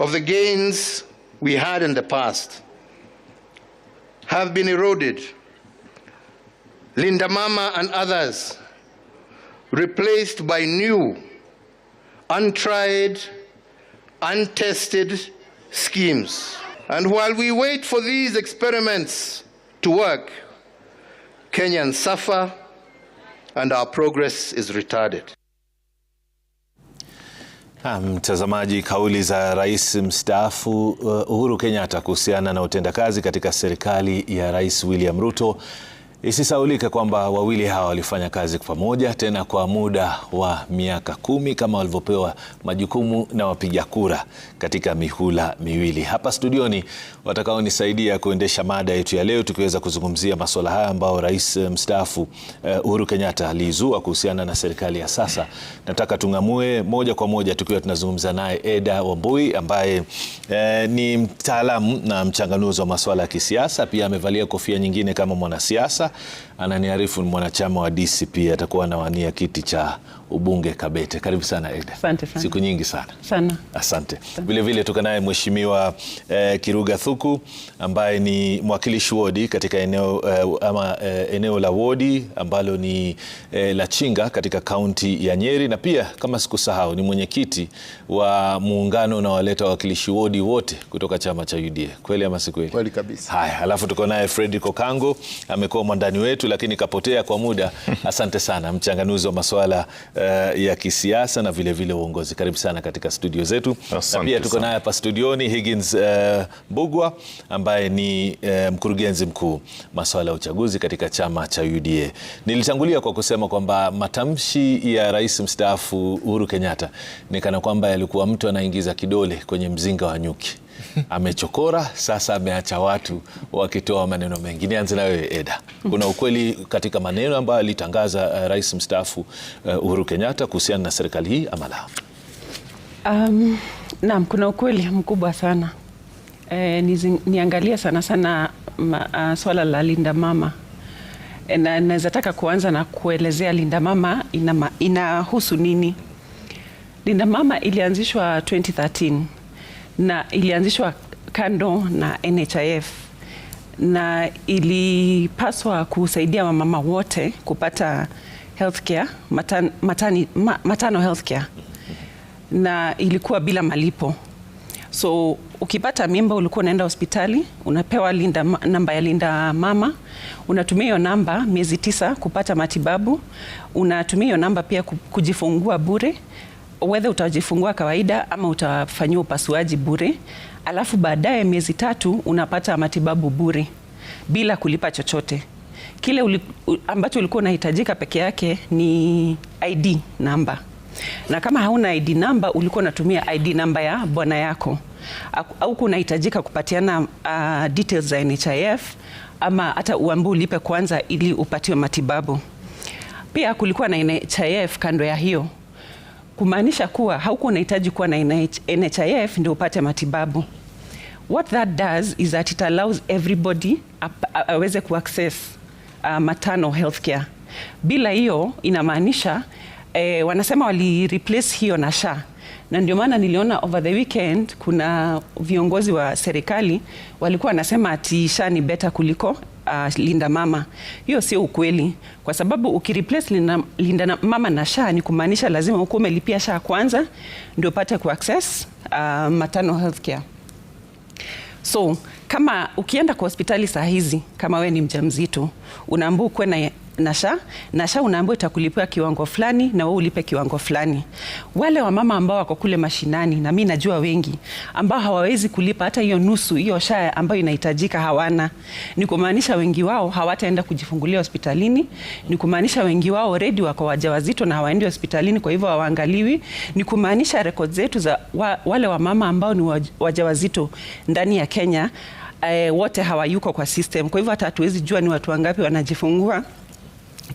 of the gains we had in the past have been eroded. Linda Mama and others replaced by new, untried, untested schemes. And while we wait for these experiments to work, Kenyans suffer and our progress is retarded. mtazamaji, kauli za rais mstaafu uh, Uhuru Kenyatta kuhusiana na utendakazi katika serikali ya Rais William Ruto isisaulike kwamba wawili hawa walifanya kazi pamoja tena kwa muda wa miaka kumi kama walivyopewa majukumu na wapiga kura katika mihula miwili. Hapa studioni watakaonisaidia kuendesha mada yetu ya leo tukiweza kuzungumzia masuala haya ambao rais mstaafu eh, Uhuru Kenyatta aliizua kuhusiana na serikali ya sasa, nataka tung'amue moja kwa moja tukiwa tunazungumza naye Eda Wambui ambaye eh, ni mtaalamu na mchanganuzi wa masuala ya kisiasa, pia amevalia kofia nyingine kama mwanasiasa ananiarifu ni mwanachama wa DCP, atakuwa anawania kiti cha ubunge Kabete. Karibu sana Eda. Asante sana. Siku nyingi sana. Sana. Asante. vile tuko naye Mheshimiwa eh, Kiruga Thuku ambaye ni mwakilishi wodi katika eneo eh, ama eh, eneo la wodi ambalo ni eh, la Chinga katika kaunti ya Nyeri na pia kama sikusahau ni mwenyekiti wa muungano unaowaleta wawakilishi wodi wote kutoka chama cha UDA. Kweli ama si kweli? Kweli kabisa. Haya, alafu tuko naye Fredrick Okango amekuwa mwandani wetu lakini kapotea kwa muda. Asante sana mchanganuzi wa masuala uh, ya kisiasa na vilevile vile uongozi. Karibu sana katika studio zetu. na pia tuko naye hapa studioni Higgins uh, ambaye ni uh, mkurugenzi mkuu masuala ya uchaguzi katika chama cha UDA. Nilitangulia kwa kusema kwamba matamshi ya rais mstaafu Uhuru Kenyatta ni kana kwamba yalikuwa mtu anaingiza kidole kwenye mzinga wa nyuki amechokora sasa, ameacha watu wakitoa maneno mengi. Nianze na wewe Eda, kuna ukweli katika maneno ambayo alitangaza uh, rais mstaafu uh, Uhuru Kenyatta kuhusiana na serikali hii ama la? Um, naam, kuna ukweli mkubwa sana e, eh, niangalia sana sana ma, uh, swala la Linda Mama e, na naweza taka kuanza na kuelezea Linda Mama inahusu ina nini. Linda Mama ilianzishwa 2013 na ilianzishwa kando na NHIF na ilipaswa kusaidia wamama wote kupata healthcare matan, matani, ma, matano healthcare na ilikuwa bila malipo. So ukipata mimba ulikuwa unaenda hospitali unapewa linda, namba ya linda mama, unatumia hiyo namba miezi tisa kupata matibabu, unatumia hiyo namba pia kujifungua bure whether utajifungua kawaida ama utafanyiwa upasuaji bure, alafu baadaye miezi tatu unapata matibabu bure bila kulipa chochote. Kile uli, ambacho ulikuwa unahitajika peke yake ni ID namba, na kama hauna ID namba ulikuwa unatumia ID namba ya bwana yako au kunahitajika kupatiana uh, details za NHIF ama hata uambu ulipe kwanza ili upatiwe matibabu. Pia kulikuwa na NHIF kando ya hiyo kumaanisha kuwa haukuwa unahitaji kuwa na NHIF ndio upate matibabu. What that does is that it allows everybody aweze access uh, maternal healthcare. Bila hiyo inamaanisha eh, wanasema wali replace hiyo na SHA na ndio maana niliona over the weekend kuna viongozi wa serikali walikuwa wanasema ati SHA ni beta kuliko uh, Linda Mama. Hiyo sio ukweli, kwa sababu ukireplace Linda, Linda Mama na SHA ni kumaanisha lazima uko umelipia SHA kwanza ndio upate access uh, maternal healthcare. So kama ukienda kwa hospitali saa hizi kama we ni mjamzito unaambiwa kuwe na na SHA na SHA unaambiwa itakulipia kiwango fulani na wewe ulipe kiwango fulani. Wale wamama ambao wako kule mashinani, na mimi najua wengi ambao hawawezi kulipa hata hiyo nusu hiyo SHA ambayo inahitajika, hawana. Ni kumaanisha wengi wao hawataenda kujifungulia hospitalini, ni kumaanisha wengi wao already wako wajawazito na hawaendi hospitalini, kwa hivyo hawaangaliwi. Ni kumaanisha rekodi zetu za wa, wale wamama ambao ni wajawazito ndani ya Kenya. Uh, wote hawayuko kwa system. Kwa hivyo hata hatuwezi jua ni watu wangapi wanajifungua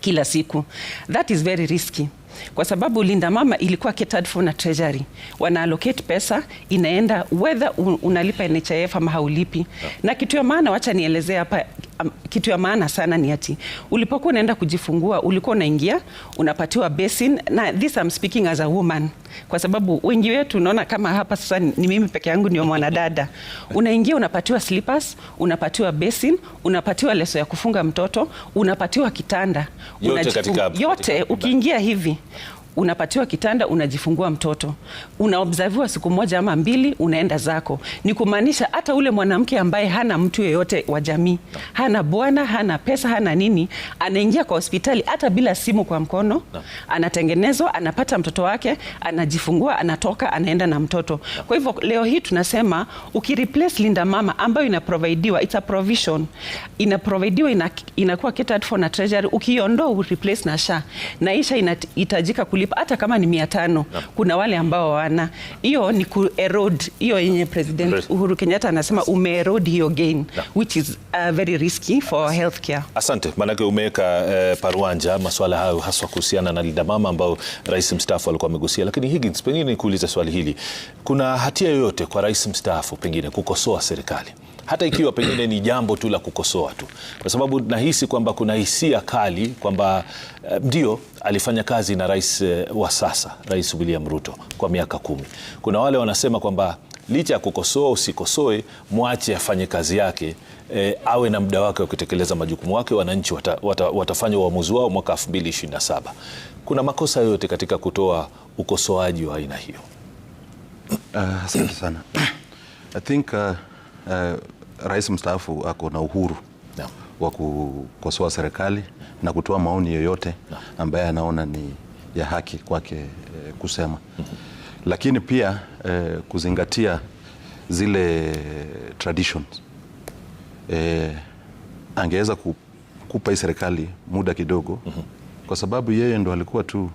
kila siku. That is very risky kwa sababu Linda Mama ilikuwa catered for na treasury, wana allocate pesa inaenda whether unalipa NHIF ama haulipi. Yeah. Na kitu ya maana, wacha nielezee hapa um, kitu ya maana sana ni ati ulipokuwa unaenda kujifungua ulikuwa unaingia unapatiwa basin, na this I'm speaking as a woman, kwa sababu wengi wetu unaona kama hapa sasa ni mimi peke yangu ndio mwanadada. Unaingia unapatiwa slippers, unapatiwa basin, unapatiwa leso ya kufunga mtoto, unapatiwa kitanda yote, yote ukiingia hivi unapatiwa kitanda, unajifungua mtoto, unaobserviwa siku moja ama mbili, unaenda zako. Ni kumaanisha hata ule mwanamke ambaye hana mtu yeyote wa jamii, hana bwana, hana pesa, hana nini, anaingia kwa hospitali hata bila simu kwa mkono, anatengenezwa, anapata mtoto wake, anajifungua, anatoka, anaenda na mtoto. Kwa hivyo leo hii tunasema ukireplace Linda Mama ambayo inaprovidiwa, it's a provision, inaprovidiwa, inakuwa catered for na treasury, ukiondoa ureplace na SHA na isha inahitajika kulipa kulipa hata kama ni mia tano Kuna wale ambao wana hiyo ni ku erode hiyo yenye President Uhuru Kenyatta anasema ume erode hiyo gain no. Which is uh, very risky for healthcare. Asante, maanake umeweka eh, paruanja maswala hayo haswa kuhusiana na Linda Mama ambao rais mstaafu alikuwa amegusia, lakini Higgins, pengine nikuulize swali hili, kuna hatia yoyote kwa rais mstaafu pengine kukosoa serikali? hata ikiwa pengine ni jambo tu la kukosoa tu, kwa sababu nahisi kwamba kuna hisia kali kwamba eh, ndio uh, alifanya kazi na rais uh, wa sasa Rais William Ruto kwa miaka kumi. Kuna wale wanasema kwamba licha ya kukosoa usikosoe, mwache afanye kazi yake e, awe na muda wake wa kutekeleza majukumu wake Wananchi wata, wata, watafanya uamuzi wao mwaka 2027. Kuna makosa yoyote katika kutoa ukosoaji wa aina hiyo? Ah, asante uh, sana I think uh uh, rais mstaafu ako na uhuru yeah. wa kukosoa serikali na kutoa maoni yoyote ambaye anaona ni ya haki kwake eh, kusema mm -hmm. lakini pia eh, kuzingatia zile traditions eh, angeweza kupa hii serikali muda kidogo mm -hmm. kwa sababu yeye ndo alikuwa tu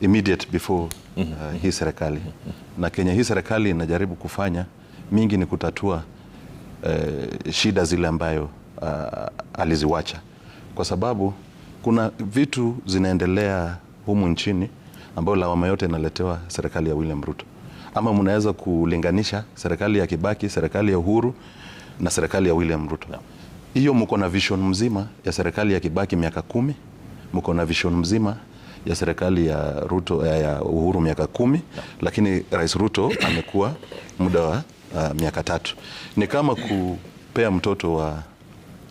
immediate before uh, hii serikali mhm. na kenye hii serikali inajaribu kufanya mingi ni kutatua eh, shida zile ambayo uh, aliziwacha, kwa sababu kuna vitu zinaendelea humu nchini ambayo lawama yote inaletewa serikali ya William Ruto, ama mnaweza kulinganisha serikali ya Kibaki, serikali ya Uhuru na serikali ya William Ruto hiyo mko na vision mzima ya serikali ya Kibaki miaka kumi, mko na vision mzima ya serikali ya Ruto ya Uhuru miaka kumi, lakini Rais Ruto amekuwa muda wa uh, miaka tatu. Ni kama kupea mtoto wa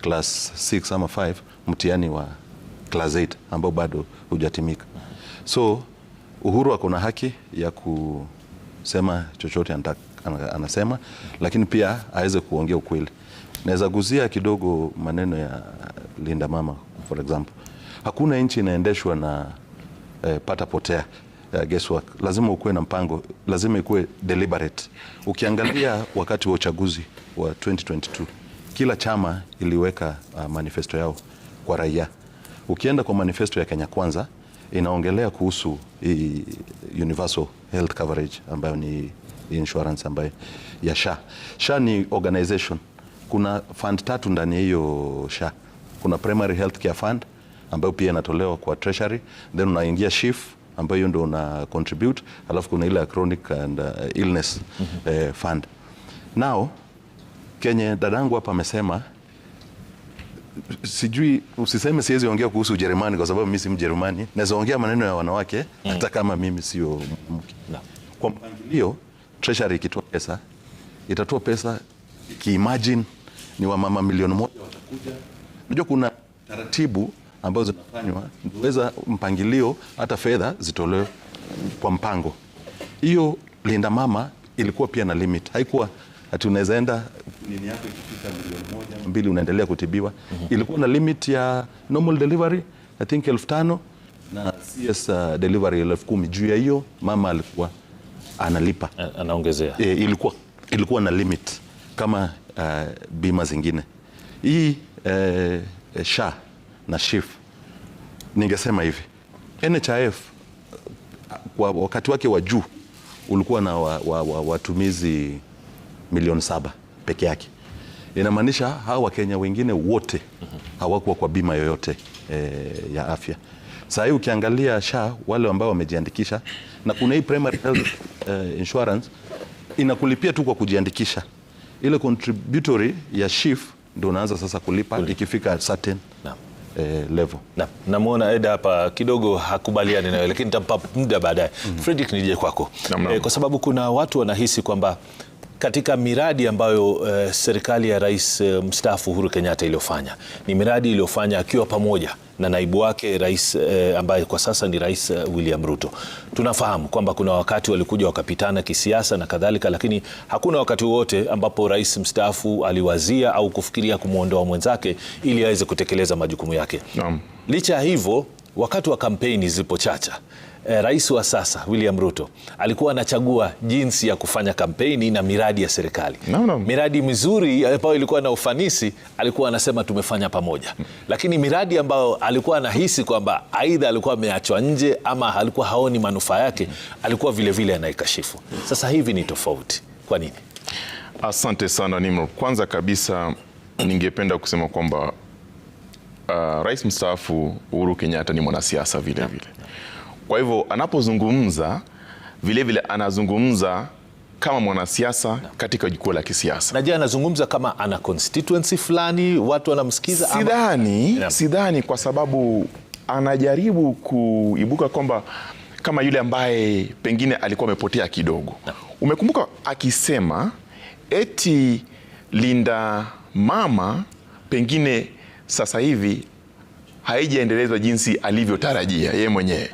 class 6 ama 5 mtihani wa class 8 ambao bado hujatimika. So Uhuru ako na haki ya kusema chochote anataka anasema lakini pia aweze kuongea ukweli. Naweza guzia kidogo maneno ya Linda Mama, for example, hakuna nchi inaendeshwa na eh, pata potea uh, guesswork. Lazima ukuwe na mpango, lazima ikuwe deliberate. Ukiangalia wakati wa uchaguzi wa 2022 kila chama iliweka uh, manifesto yao kwa raia. Ukienda kwa manifesto ya Kenya Kwanza inaongelea kuhusu i, universal health coverage ambayo ni insurance ambayo ya SHA. SHA ni organization. Kuna fund tatu ndani ya hiyo SHA. Kuna primary health care fund ambayo pia inatolewa kwa treasury, then unaingia SHIF ambayo ndio ndo una contribute, alafu kuna ile chronic and uh, illness mm -hmm. uh, fund. Now kenye dadangu hapa amesema sijui usiseme, siwezi ongea kuhusu Ujerumani kwa sababu mimi si Mjerumani. Naweza ongea maneno ya wanawake mm. hata kama mimi sio mke. Kwa mpangilio, treasury ikitoa pesa itatoa pesa imagine ni wamama milioni moja watakuja. Unajua kuna taratibu ambazo zinafanywa weza mpangilio hata fedha zitolewe kwa mpango. Hiyo Linda Mama ilikuwa pia na limit, haikuwa ati unaweza enda nini yako ikifika milioni moja mbili unaendelea kutibiwa. mm -hmm. Ilikuwa na limit ya normal delivery I think elfu tano na CS uh, delivery elfu kumi. Juu ya hiyo mama alikuwa analipa anaongezea. E, ilikuwa, ilikuwa na limit kama uh, bima zingine hii uh, sha na SHIF. Ningesema hivi NHIF kwa wakati wake wa juu ulikuwa na wa, wa, wa, watumizi milioni saba peke yake. Inamaanisha hawa Wakenya wengine wote hawakuwa kwa bima yoyote e, ya afya. Sasa hii ukiangalia SHA wale ambao wamejiandikisha, na kuna hii primary health uh, insurance inakulipia tu kwa kujiandikisha. Ile contributory ya SHIF ndio unaanza sasa kulipa Kuli. ikifika certain eh, level. Na namwona Eda hapa kidogo hakubaliani nayo, lakini nitampa muda baadaye. Mm. Fredrick, nije kwako eh, kwa sababu kuna watu wanahisi kwamba katika miradi ambayo uh, serikali ya rais uh, mstaafu Uhuru Kenyatta iliyofanya ni miradi iliyofanya akiwa pamoja na naibu wake rais uh, ambaye kwa sasa ni rais uh, William Ruto. Tunafahamu kwamba kuna wakati walikuja wakapitana kisiasa na kadhalika, lakini hakuna wakati wote ambapo rais mstaafu aliwazia au kufikiria kumwondoa mwenzake ili aweze kutekeleza majukumu yake. Naam. Licha ya hivyo wakati wa kampeni zipo chacha eh, rais wa sasa William Ruto alikuwa anachagua jinsi ya kufanya kampeni na miradi ya serikali no, no. Miradi mizuri ambayo ilikuwa na ufanisi alikuwa anasema tumefanya pamoja, mm. lakini miradi ambayo alikuwa anahisi kwamba aidha alikuwa ameachwa nje ama alikuwa haoni manufaa yake alikuwa vilevile anaikashifu. Sasa hivi ni tofauti. Kwa nini? Asante sana Nimro. Kwanza kabisa ningependa kusema kwamba uh, rais mstaafu Uhuru Kenyatta ni mwanasiasa vile vile. Kwa hivyo anapozungumza vilevile anazungumza kama mwanasiasa katika jukwaa la kisiasa. Na je, anazungumza kama ana constituency fulani, watu wanamsikiza? Sidhani, sidhani, kwa sababu anajaribu kuibuka kwamba kama yule ambaye pengine alikuwa amepotea kidogo. Na umekumbuka akisema eti Linda mama pengine sasa hivi haijaendelezwa jinsi alivyotarajia yeye mwenyewe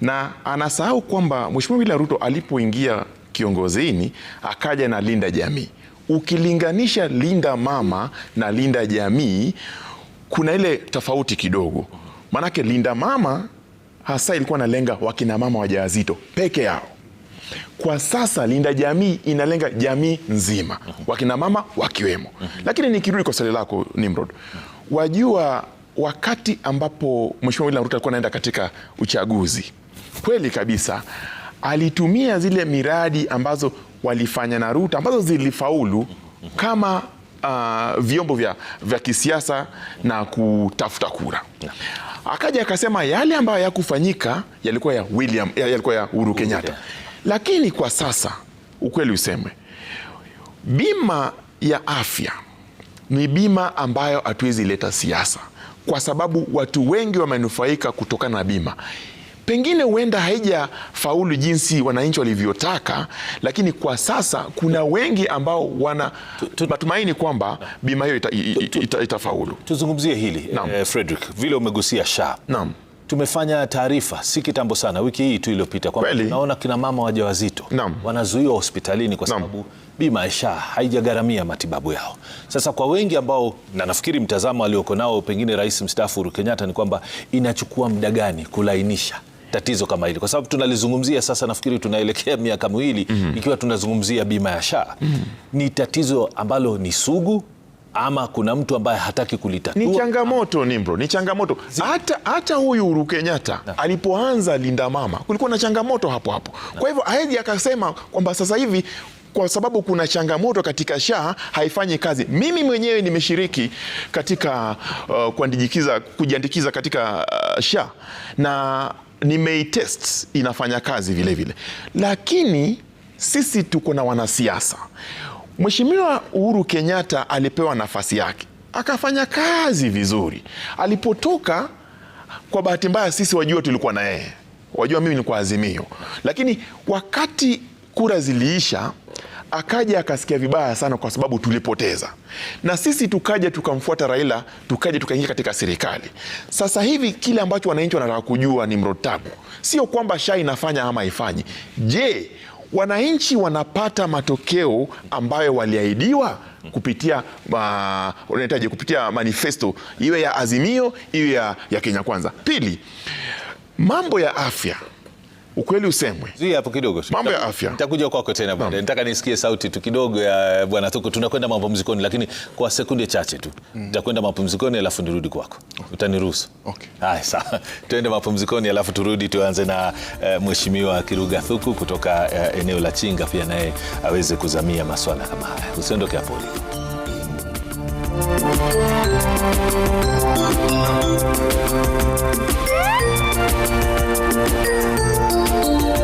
Na anasahau kwamba Mheshimiwa William Ruto alipoingia kiongozini akaja na linda jamii. Ukilinganisha linda mama na linda jamii, kuna ile tofauti kidogo, maanake linda mama hasa ilikuwa inalenga wakina mama wajawazito peke yao. Kwa sasa linda jamii inalenga jamii nzima, mhm. wakina mama wakiwemo. Mhm. Lakini nikirudi kwa swali lako Nimrod, mhm. wajua wakati ambapo Mheshimiwa William Ruto alikuwa anaenda katika uchaguzi, kweli kabisa alitumia zile miradi ambazo walifanya na Ruto ambazo zilifaulu kama uh, vyombo vya, vya kisiasa na kutafuta kura. Akaja akasema yale ambayo yakufanyika yalikuwa ya William, yalikuwa ya Uhuru Kenyatta, lakini kwa sasa ukweli useme, bima ya afya ni bima ambayo hatuwezi leta siasa kwa sababu watu wengi wamenufaika kutokana na bima. Pengine huenda haija faulu jinsi wananchi walivyotaka, lakini kwa sasa kuna wengi ambao wana matumaini kwamba bima hiyo itafaulu. Tuzungumzie hili eh, Frederick, vile umegusia SHA. Naam tumefanya taarifa si kitambo sana, wiki hii tu iliyopita, kwamba tunaona kina mama wajawazito wanazuiwa hospitalini kwa sababu bima isha haijagharamia matibabu yao. Sasa kwa wengi ambao, na nafikiri mtazamo alioko nao pengine Rais mstaafu Uhuru Kenyatta ni kwamba inachukua muda gani kulainisha tatizo kama hili, kwa sababu tunalizungumzia sasa, nafikiri tunaelekea miaka miwili mm -hmm. ikiwa tunazungumzia bima ya SHA mm -hmm. ni tatizo ambalo ni sugu ama kuna mtu ambaye hataki kulitatua. Ni changamoto Nimro, ni changamoto hata, hata huyu Uhuru Kenyatta alipoanza Linda Mama kulikuwa na changamoto hapo hapo na. Kwa hivyo haeji akasema kwamba sasa hivi kwa sababu kuna changamoto katika SHA haifanyi kazi. Mimi mwenyewe nimeshiriki katika uh, kuandikiza kujiandikiza katika uh, SHA na nimeitest inafanya kazi vilevile vile. Lakini sisi tuko na wanasiasa Mheshimiwa Uhuru Kenyatta alipewa nafasi yake akafanya kazi vizuri. Alipotoka, kwa bahati mbaya sisi wajua tulikuwa na yeye, wajua mimi nilikuwa Azimio, lakini wakati kura ziliisha akaja akasikia vibaya sana, kwa sababu tulipoteza na sisi tukaja tukamfuata Raila, tukaja tukaingia katika serikali. Sasa hivi kile ambacho wananchi wanataka kujua ni mrotabu, sio kwamba SHA inafanya ama haifanyi. Je, wananchi wanapata matokeo ambayo waliahidiwa kupitia unahitaji kupitia manifesto iwe ya Azimio iwe ya, ya Kenya Kwanza. Pili, mambo ya afya ukweli usemwe. Zuia hapo kidogo. Mambo ya afya. Nitakuja kwako tena bwana. Nataka nisikie sauti tu kidogo ya bwana Thuku. Tunakwenda mapumzikoni lakini kwa sekunde chache tu. Mm. Nitakwenda mm. mapumzikoni alafu nirudi kwako. Utaniruhusu? Okay. Haya sawa. Tuende mapumzikoni alafu turudi tuanze na uh, Mheshimiwa Kiruga Thuku kutoka uh, eneo la Chinga pia naye aweze kuzamia maswala kama haya. Usiondoke hapo ulipo. Thank you